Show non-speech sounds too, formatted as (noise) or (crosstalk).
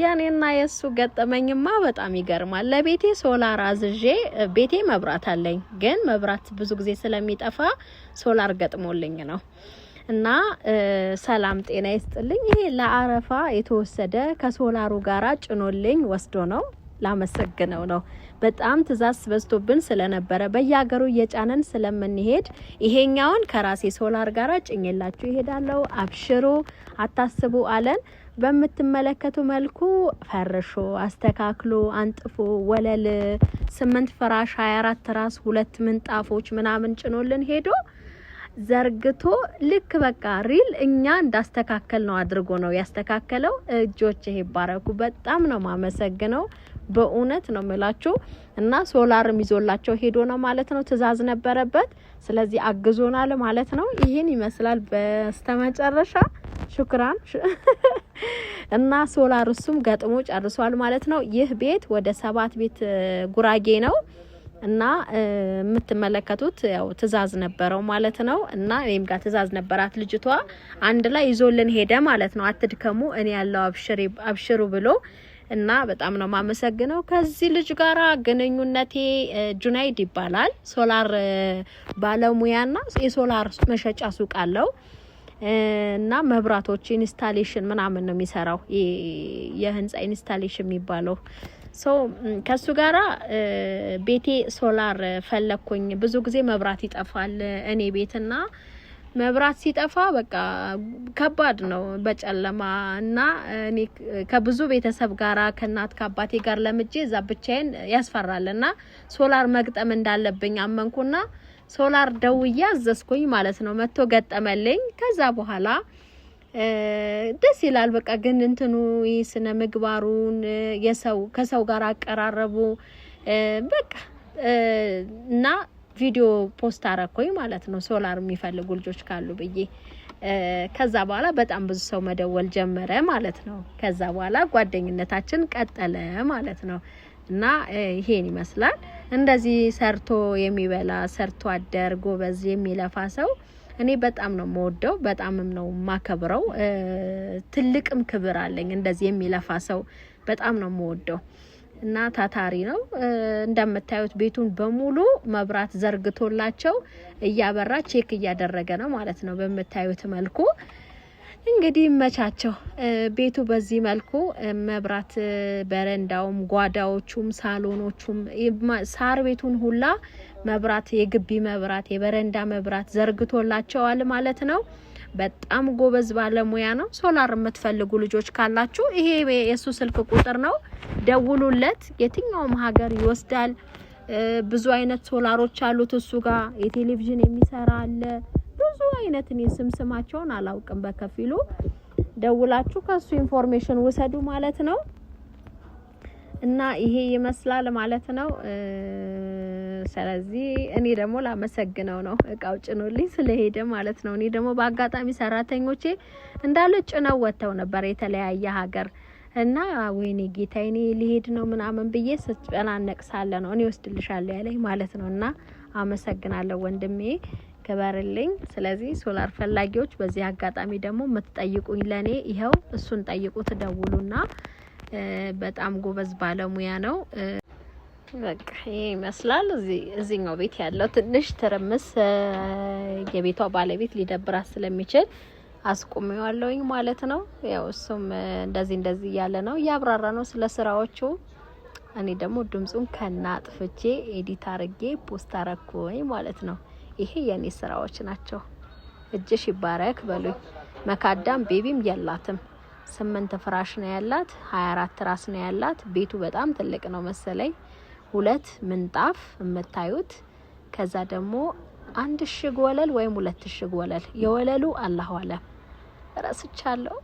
የኔና የሱ ገጠመኝማ በጣም ይገርማል። ለቤቴ ሶላር አዝዤ ቤቴ መብራት አለኝ፣ ግን መብራት ብዙ ጊዜ ስለሚጠፋ ሶላር ገጥሞልኝ ነው። እና ሰላም ጤና ይስጥልኝ። ይሄ ለአረፋ የተወሰደ ከሶላሩ ጋራ ጭኖልኝ ወስዶ ነው ላመሰግነው ነው። በጣም ትእዛዝ በዝቶብን ስለነበረ በየሀገሩ እየጫነን ስለምንሄድ ይሄኛውን ከራሴ ሶላር ጋራ ጭኝላችሁ ይሄዳለው። አብሽሩ አታስቡ አለን። በምትመለከቱ መልኩ ፈርሾ አስተካክሎ አንጥፎ ወለል ስምንት ፍራሽ ሀያ አራት ትራስ ሁለት ምንጣፎች ምናምን ጭኖልን ሄዶ ዘርግቶ ልክ በቃ ሪል እኛ እንዳስተካከል ነው አድርጎ ነው ያስተካከለው። እጆች ይባረኩ። በጣም ነው ማመሰግነው። በእውነት ነው ምላችሁ እና ሶላርም ይዞላቸው ሄዶ ነው ማለት ነው። ትእዛዝ ነበረበት። ስለዚህ አግዞናል ማለት ነው። ይህን ይመስላል በስተመጨረሻ ሹክራን (laughs) እና ሶላር እሱም ገጥሞ ጨርሷል ማለት ነው። ይህ ቤት ወደ ሰባት ቤት ጉራጌ ነው እና የምትመለከቱት ያው ትዕዛዝ ነበረው ማለት ነው። እና እኔም ጋር ትዕዛዝ ነበራት ልጅቷ አንድ ላይ ይዞልን ሄደ ማለት ነው። አትድከሙ፣ እኔ ያለው አብሽሩ ብሎ እና በጣም ነው የማመሰግነው። ከዚህ ልጅ ጋር ግንኙነቴ ጁናይድ ይባላል። ሶላር ባለሙያና የሶላር መሸጫ ሱቅ አለው። እና መብራቶች ኢንስታሌሽን ምናምን ነው የሚሰራው የህንፃ ኢንስታሌሽን የሚባለው ሶ ከሱ ጋራ ቤቴ ሶላር ፈለግኩኝ። ብዙ ጊዜ መብራት ይጠፋል እኔ ቤትና መብራት ሲጠፋ በቃ ከባድ ነው በጨለማ እና እኔ ከብዙ ቤተሰብ ጋር ከእናት ከአባቴ ጋር ለምጄ እዛ ብቻዬን ያስፈራል እና ሶላር መግጠም እንዳለብኝ አመንኩና ሶላር ደውዬ አዘዝኩኝ ማለት ነው። መጥቶ ገጠመልኝ። ከዛ በኋላ ደስ ይላል። በቃ ግን እንትኑ ስነ ምግባሩን የሰው ከሰው ጋር አቀራረቡ በቃ እና ቪዲዮ ፖስት አረኩኝ ማለት ነው። ሶላር የሚፈልጉ ልጆች ካሉ ብዬ ከዛ በኋላ በጣም ብዙ ሰው መደወል ጀመረ ማለት ነው። ከዛ በኋላ ጓደኝነታችን ቀጠለ ማለት ነው እና ይሄን ይመስላል። እንደዚህ ሰርቶ የሚበላ ሰርቶ አደር ጎበዝ የሚለፋ ሰው እኔ በጣም ነው የምወደው፣ በጣምም ነው የማከብረው። ትልቅም ክብር አለኝ። እንደዚህ የሚለፋ ሰው በጣም ነው የምወደው እና ታታሪ ነው። እንደምታዩት ቤቱን በሙሉ መብራት ዘርግቶላቸው እያበራ ቼክ እያደረገ ነው ማለት ነው በምታዩት መልኩ እንግዲህ መቻቸው ቤቱ በዚህ መልኩ መብራት፣ በረንዳውም፣ ጓዳዎቹም፣ ሳሎኖቹም ሳር ቤቱን ሁላ መብራት፣ የግቢ መብራት፣ የበረንዳ መብራት ዘርግቶላቸዋል ማለት ነው። በጣም ጎበዝ ባለሙያ ነው። ሶላር የምትፈልጉ ልጆች ካላችሁ ይሄ የእሱ ስልክ ቁጥር ነው፣ ደውሉለት። የትኛውም ሀገር ይወስዳል። ብዙ አይነት ሶላሮች አሉት እሱ ጋር። የቴሌቪዥን የሚሰራ አለ ብዙ አይነት እኔ ስም ስማቸውን አላውቅም። በከፊሉ ደውላችሁ ከሱ ኢንፎርሜሽን ውሰዱ ማለት ነው። እና ይሄ ይመስላል ማለት ነው። ስለዚህ እኔ ደግሞ ላመሰግነው ነው እቃው ጭኖልኝ ስለሄደ ማለት ነው። እኔ ደግሞ በአጋጣሚ ሰራተኞቼ እንዳለ ጭነው ወጥተው ነበር የተለያየ ሀገር እና ወይኔ ጌታ እኔ ሊሄድ ነው ምናምን ብዬ ስጨናነቅ ሳለ ነው እኔ ወስድልሻለሁ ያለኝ ማለት ነው። እና አመሰግናለሁ ወንድሜ። ክበርልኝ። ስለዚህ ሶላር ፈላጊዎች በዚህ አጋጣሚ ደግሞ የምትጠይቁኝ ለእኔ ይኸው እሱን ጠይቁ፣ ትደውሉና በጣም ጎበዝ ባለሙያ ነው። በቃ ይህ ይመስላል እዚህኛው ቤት ያለው ትንሽ ትርምስ የቤቷ ባለቤት ሊደብራት ስለሚችል አስቁሜዋለሁኝ ማለት ነው። ያው እሱም እንደዚህ እንደዚህ እያለ ነው እያብራራ ነው ስለ ስራዎቹ። እኔ ደግሞ ድምፁን ከና አጥፍቼ ኤዲት አርጌ ፖስት አረኩ ማለት ነው። ይሄ የኔ ስራዎች ናቸው። እጅሽ ይባረክ በሉኝ። መካዳም ቤቢም የላትም። ስምንት ፍራሽ ነው ያላት፣ 24 ራስ ነው ያላት። ቤቱ በጣም ትልቅ ነው መሰለኝ። ሁለት ምንጣፍ የምታዩት፣ ከዛ ደግሞ አንድ እሽግ ወለል ወይም ሁለት እሽግ ወለል። የወለሉ አላሁ አለም ረስቻለሁ።